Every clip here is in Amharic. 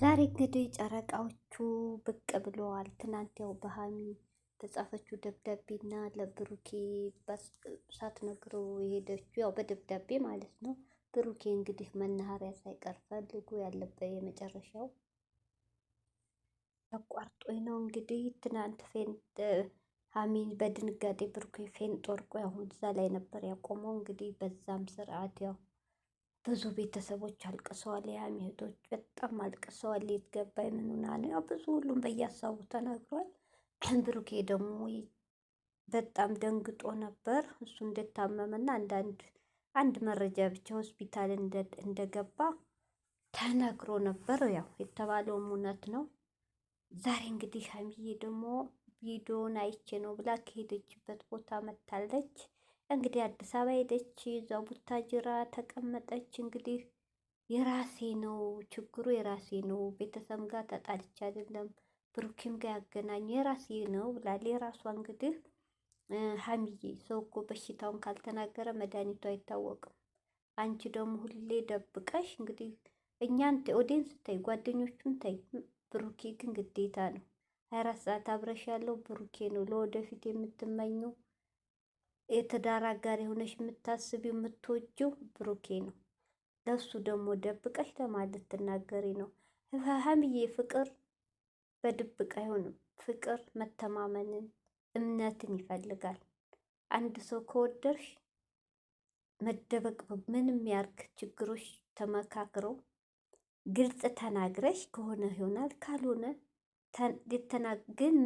ዛሬ እንግዲህ ጨረቃዎቹ ብቅ ብለዋል። ትናንት ያው በሀሚ በጻፈችው ደብዳቤና ለብሩኬ ነግሮ የሄደችው ያው በደብዳቤ ማለት ነው። ብሩኬ እንግዲህ መናኸሪያ ሳይቀር ፈልጎ ያለበት የመጨረሻው ተቋርጦኝ ነው እንግዲህ ትናንት ሀሚን በድንጋጤ ብሩኬ ፌን ጦርቆ ያሁን እዛ ላይ ነበር ያቆመው እንግዲህ በዛም ስርዓት ያው ብዙ ቤተሰቦች አልቅሰዋል። የሀሚ እህቶች በጣም አልቅሰዋል። የት ገባይ ምን ነው ያው ብዙ ሁሉም በየሀሳቡ ተናግሯል። ብሩኬ ደግሞ በጣም ደንግጦ ነበር። እሱ እንደታመመና አንዳንድ አንድ መረጃ ብቻ ሆስፒታል እንደገባ ተነግሮ ነበር። ያው የተባለውም እውነት ነው። ዛሬ እንግዲህ ሀሚዬ ደግሞ ቪዲዮን አይቼ ነው ብላ ከሄደችበት ቦታ መታለች። እንግዲህ አዲስ አበባ ሄደች፣ እዛ ቡታጅራ ተቀመጠች። እንግዲህ የራሴ ነው ችግሩ፣ የራሴ ነው። ቤተሰብ ጋር ተጣልቼ አይደለም ብሩኪም ጋር ያገናኝ የራሴ ነው ብላል። የራሷ እንግዲህ ሀሚዬ፣ ሰው እኮ በሽታውን ካልተናገረ መድኃኒቱ አይታወቅም። አንቺ ደግሞ ሁሌ ደብቀሽ እንግዲህ እኛን ኦዲንስ ተይ፣ ጓደኞቹን ተይ። ብሩኬ ግን ግዴታ ነው ሀያ አራት ሰዓት አብረሽ ያለው ብሩኬ ነው። ለወደፊት የምትመኘው። የትዳር አጋር የሆነሽ የምታስቢው የምትወጂው ብሩኬ ነው። ለሱ ደግሞ ደብቀሽ ለማለት ትናገሪ ነው ሀምዬ። ፍቅር በድብቅ አይሆንም። ፍቅር መተማመንን፣ እምነትን ይፈልጋል። አንድ ሰው ከወደድሽ መደበቅ ምንም ያርግ ችግሮች ተመካክረው ግልጽ ተናግረሽ ከሆነ ይሆናል፣ ካልሆነ ግን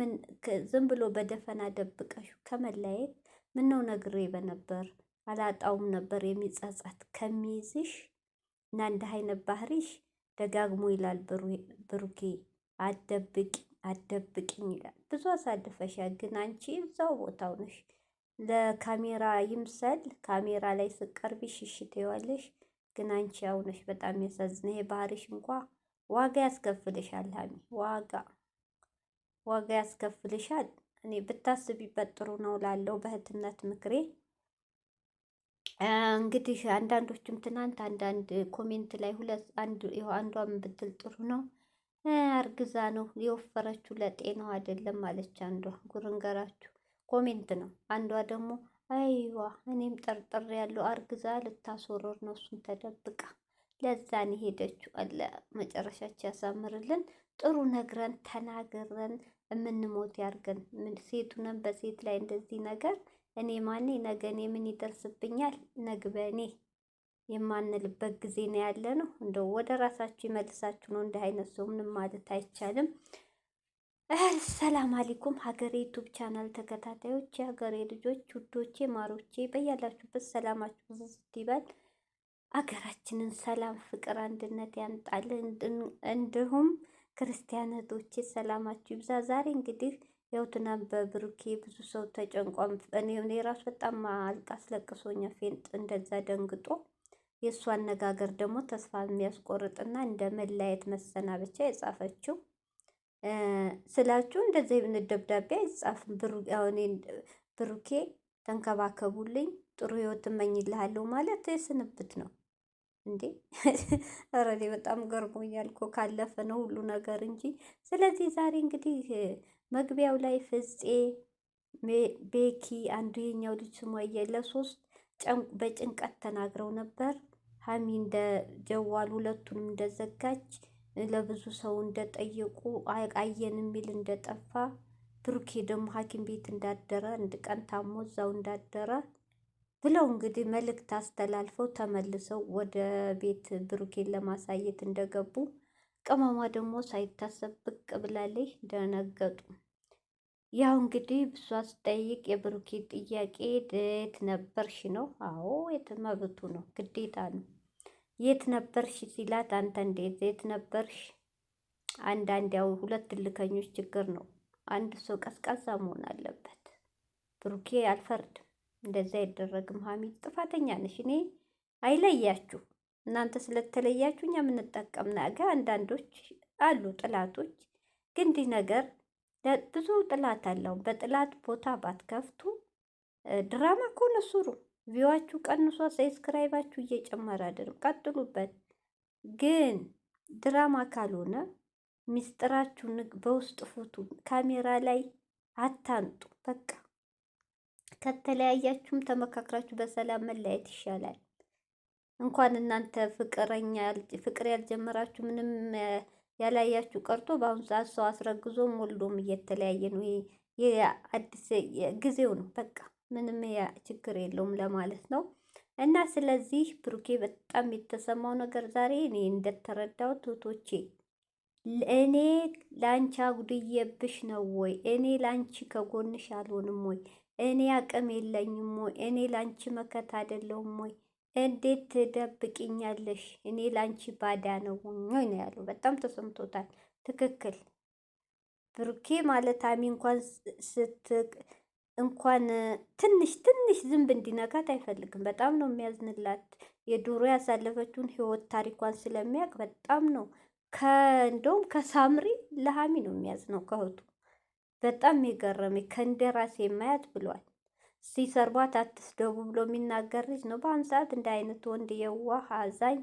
ዝም ብሎ በደፈና ደብቀሽ ከመለያየት ምን ነው ነግሬ በነበር አላጣውም ነበር የሚጸጸት ከሚይዝሽ እና እንደ አይነት ባህሪሽ ደጋግሞ ይላል ብሩኬ። አደብቅ አደብቅኝ ይላል። ብዙ አሳልፈሻል፣ ግን አንቺ እዛው ቦታው ነሽ። ለካሜራ ይምሰል ካሜራ ላይ ስቀርቢሽ ሽሽት ይዋለሽ፣ ግን አንቺ ያው ነሽ። በጣም ያሳዝነ። ይሄ ባህሪሽ እንኳ ዋጋ ያስከፍልሻል ሀሚ፣ ዋጋ ዋጋ ያስከፍልሻል። እኔ ብታስቢበት ጥሩ ነው ላለው በእህትነት ምክሬ። እንግዲህ አንዳንዶችም ትናንት አንዳንድ ኮሜንት ላይ ሁለት አንድ አንዷም ብትል ጥሩ ነው አርግዛ ነው የወፈረችው ለጤናው አይደለም ማለች አንዷ። ጉርንገራችሁ ኮሜንት ነው። አንዷ ደግሞ አይዋ እኔም ጠርጥር ያለው አርግዛ ልታስወረር ነው እሱን ተደብቃ ለዛን የሄደችው አለ። መጨረሻችን ያሳምርልን። ጥሩ ነግረን ተናግረን የምንሞት ያርገን። ሴቱንም በሴት ላይ እንደዚህ ነገር እኔ ማኔ ነገኔ ምን ይደርስብኛል ነግበኔ የማንልበት ጊዜ ነው ያለ ነው። እንደው ወደ ራሳችሁ ይመልሳችሁ ነው። እንደ አይነት ሰው ምንም ማለት አይቻልም። ሰላም አለይኩም ሀገሬ ዩቱብ ቻናል ተከታታዮች፣ ሀገሬ ልጆች፣ ውዶቼ፣ ማሮቼ በያላችሁበት ሰላማችሁ ብዙ ይበል። አገራችንን ሰላም፣ ፍቅር፣ አንድነት ያምጣልን እንዲሁም ክርስቲያን እህቶቼ ሰላማችሁ ይብዛ። ዛሬ እንግዲህ ያው ትናንት በብሩኬ ብዙ ሰው ተጨንቋም፣ እኔ ራሱ በጣም አልቃ አስለቅሶኛ ፌንጥ እንደዛ ደንግጦ የእሱ አነጋገር ደግሞ ተስፋ የሚያስቆርጥና እንደ መለያየት መሰናበቻ የጻፈችው ስላችሁ እንደዚ አይነት ደብዳቤ አይጻፍም። ብሩኬ ተንከባከቡልኝ፣ ጥሩ ህይወት እመኝልሃለሁ ማለት ስንብት ነው። እንዴ ኧረ እኔ በጣም ገርሞኛል እኮ ካለፈ ነው ሁሉ ነገር እንጂ። ስለዚህ ዛሬ እንግዲህ መግቢያው ላይ ፍፄ ቤኪ አንዱ የኛው ልጅ ስሟ ለሶስት በጭንቀት ተናግረው ነበር። ሀሚ እንደ ጀዋል ሁለቱንም እንደዘጋች ለብዙ ሰው እንደጠየቁ አየን የሚል እንደጠፋ ብሩኬ ደግሞ ሐኪም ቤት እንዳደረ አንድ ቀን ታሞ እዛው እንዳደረ ብለው እንግዲህ መልእክት አስተላልፈው ተመልሰው ወደ ቤት ብሩኬን ለማሳየት እንደገቡ ቅመሟ ደግሞ ሳይታሰብ ብቅ ብላለች። ደነገጡ። ያው እንግዲህ ብሷ ስጠይቅ የብሩኬ ጥያቄ የት ነበርሽ ነው። አዎ የተመብቱ ነው፣ ግዴታ ነው። የት ነበርሽ ሲላት አንተ እንዴት የት ነበርሽ? አንዳንድ ያው ሁለት እልከኞች ችግር ነው። አንድ ሰው ቀዝቃዛ መሆን አለበት። ብሩኬ አልፈርድም። እንደዚህ አይደረግም። ሀሚድ ጥፋተኛ ነሽ። እኔ አይለያችሁ እናንተ ስለተለያችሁ እኛ የምንጠቀም ነገር አንዳንዶች አሉ ጥላቶች። ግን እንዲህ ነገር ብዙ ጥላት አለው። በጥላት ቦታ ባትከፍቱ ድራማ ከሆነ ስሩ። ቪዋችሁ ቀንሷ፣ ሰብስክራይባችሁ እየጨመረ አይደለም፣ ቀጥሉበት። ግን ድራማ ካልሆነ ሚስጥራችሁ በውስጥ ፎቶ ካሜራ ላይ አታንጡ በቃ። ከተለያያችሁም ተመካክራችሁ በሰላም መለያየት ይሻላል። እንኳን እናንተ ፍቅረኛ ፍቅር ያልጀመራችሁ ምንም ያላያችሁ ቀርቶ በአሁኑ ሰዓት ሰው አስረግዞም ወልዶም እየተለያየ ነው። የአዲስ ጊዜው ነው። በቃ ምንም ችግር የለውም ለማለት ነው። እና ስለዚህ ብሩኬ በጣም የተሰማው ነገር ዛሬ እኔ እንደተረዳው ቶቶቼ እኔ ላንቺ አጉድዬብሽ ነው ወይ? እኔ ላንቺ ከጎንሽ አልሆንም ወይ? እኔ አቅም የለኝም ወይ? እኔ ላንቺ መከታ አይደለሁም ወይ? እንዴት ትደብቅኛለሽ? እኔ ላንቺ ባዳ ነው ወይ ነው ያለው። በጣም ተሰምቶታል። ትክክል ብሩኬ ማለት አሚ እንኳን ስት እንኳን ትንሽ ትንሽ ዝንብ እንዲነካት አይፈልግም። በጣም ነው የሚያዝንላት። የድሮ ያሳለፈችውን ህይወት ታሪኳን ስለሚያውቅ በጣም ነው ከእንደውም ከሳምሪ ለሀሚ ነው የሚያዝነው ከእህቱ በጣም የገረመኝ ከእንደ ራሴ የማያት ብሏል። ሲሰርቧት አትስደቡ ብሎ የሚናገር ልጅ ነው። በአሁኑ ሰዓት እንደ አይነት ወንድ የዋህ፣ አዛኝ፣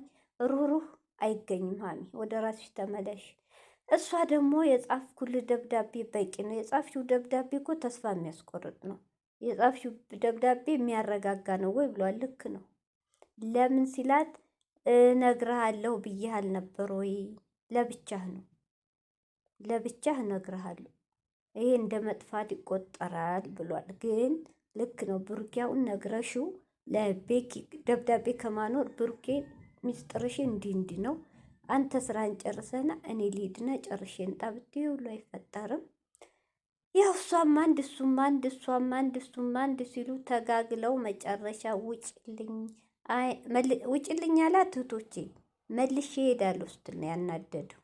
ሩህሩህ አይገኝም። ሀሚ ወደ ራስሽ ተመለሽ። እሷ ደግሞ የጻፍኩልህ ደብዳቤ በቂ ነው። የጻፍሽው ደብዳቤ እኮ ተስፋ የሚያስቆርጥ ነው። የጻፍሽው ደብዳቤ የሚያረጋጋ ነው ወይ ብሏል። ልክ ነው። ለምን ሲላት እነግርሃለሁ ብዬህ አልነበር ወይ? ለብቻህ ነው ለብቻህ እነግርሃለሁ ይሄ እንደ መጥፋት ይቆጠራል ብሏል። ግን ልክ ነው። ብሩኪያውን ነግረሹ ለቤኪ ደብዳቤ ከማኖር ብሩኬ ሚስጥርሽ እንዲህ እንዲህ ነው፣ አንተ ስራን ጨርሰና እኔ ሊድና ጨርሼ እንጣ ብትይው ሁሉ አይፈጠርም። ያው እሷም አንድ እሱም አንድ እሷም አንድ እሱም አንድ ሲሉ ተጋግለው መጨረሻ ውጭልኝ ውጭልኝ አላት። እህቶቼ መልሼ እሄዳለሁ ስትል ነው ያናደደው።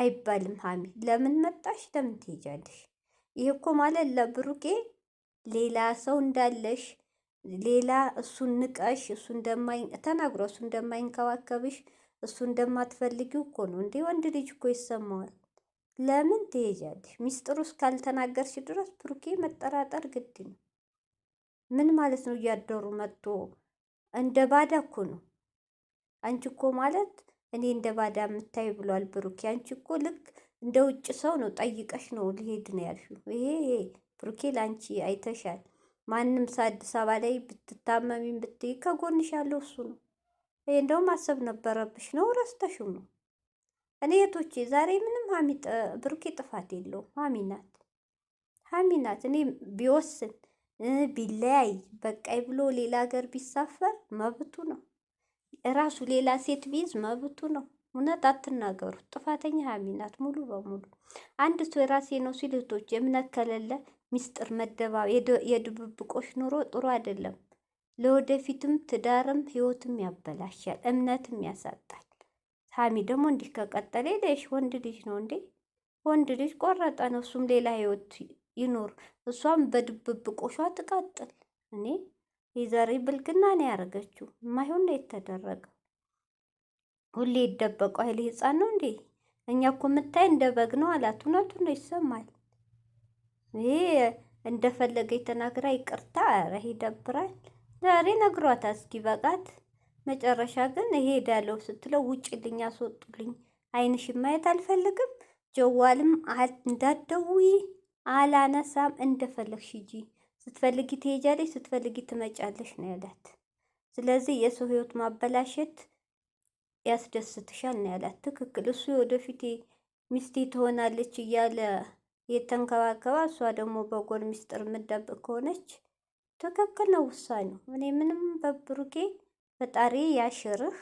አይባልም ሀሚ ለምን መጣሽ ለምን ትሄጃለሽ ይሄ እኮ ማለት ለብሩኬ ሌላ ሰው እንዳለሽ ሌላ እሱን ንቀሽ እሱ እንደማይ ተናግሮ እሱ እንደማይንከባከብሽ እሱ እንደማትፈልጊው እኮ ነው እንዴ ወንድ ልጅ እኮ ይሰማዋል ለምን ትሄጃለሽ ሚስጥሩ እስካልተናገርሽ ድረስ ብሩኬ መጠራጠር ግድ ነው ምን ማለት ነው እያደሩ መጥቶ እንደ ባዳ እኮ ነው አንቺ እኮ ማለት እኔ እንደ ባዳ የምታይ ብሏል ብሩኬ። አንቺ እኮ ልክ እንደ ውጭ ሰው ነው ጠይቀሽ ነው ሊሄድ ነው ያልሽው። ይሄ ብሩኬ ለአንቺ አይተሻል። ማንም አዲስ አበባ ላይ ብትታመሚም ብትይ ከጎንሽ ያለው እሱ ነው። ይሄ እንደውም ማሰብ ነበረብሽ ነው ረስተሽው ነው። እኔ የቶቼ ዛሬ ምንም ሀሚ ብሩኬ ጥፋት የለውም። ሀሚ ናት ሀሚ ናት። እኔ ቢወስን ቢለያይ በቃይ ብሎ ሌላ ሀገር ቢሳፈር መብቱ ነው። እራሱ ሌላ ሴት ቢይዝ መብቱ ነው። እውነት አትናገሩ ጥፋተኛ ሀሚ ናት ሙሉ በሙሉ። አንድ ሰው የራሴ ነው ሲል እህቶች እምነት ከሌለ ሚስጥር መደባ የድብብቆሽ ኑሮ ጥሩ አይደለም። ለወደፊትም ትዳርም ህይወትም ያበላሻል፣ እምነትም ያሳጣል። ሀሚ ደግሞ እንዲህ ከቀጠለ ሌሽ ወንድ ልጅ ነው እንዴ? ወንድ ልጅ ቆረጠ ነው። እሱም ሌላ ህይወት ይኖር፣ እሷም በድብብቆሿ ትቀጥል። እኔ የዛሬ ብልግና ነው ያደረገችው። ማይሆን ነው የተደረገው። ሁሌ ይደበቁ አይል ህፃን ነው እንዴ? እኛ እኮ የምታይ እንደ በግ ነው አላት። እውነቱን ነው ይሰማል። ይሄ እንደፈለገ የተናግራ ይቅርታ፣ ኧረ ይደብራል። ዛሬ ነግሯት እስኪ በቃት። መጨረሻ ግን እሄዳለሁ ስትለው ውጭልኝ፣ አስወጡልኝ፣ አይንሽ ማየት አልፈልግም፣ ጀዋልም እንዳትደውይ አላነሳም፣ እንደፈለግሽ ሂጂ ስትፈልጊ ትሄጃለሽ፣ ስትፈልጊ ትመጫለሽ ነው ያላት። ስለዚህ የሰው ህይወት ማበላሸት ያስደስትሻል ነው ያላት። ትክክል። እሱ ወደፊት ሚስቴ ትሆናለች እያለ የተንከባከባ እሷ ደግሞ በጎል ሚስጥር የምትደብቅ ከሆነች ትክክል ነው ውሳኔው። እኔ ምንም በብሩኬ ፈጣሪ ያሽርህ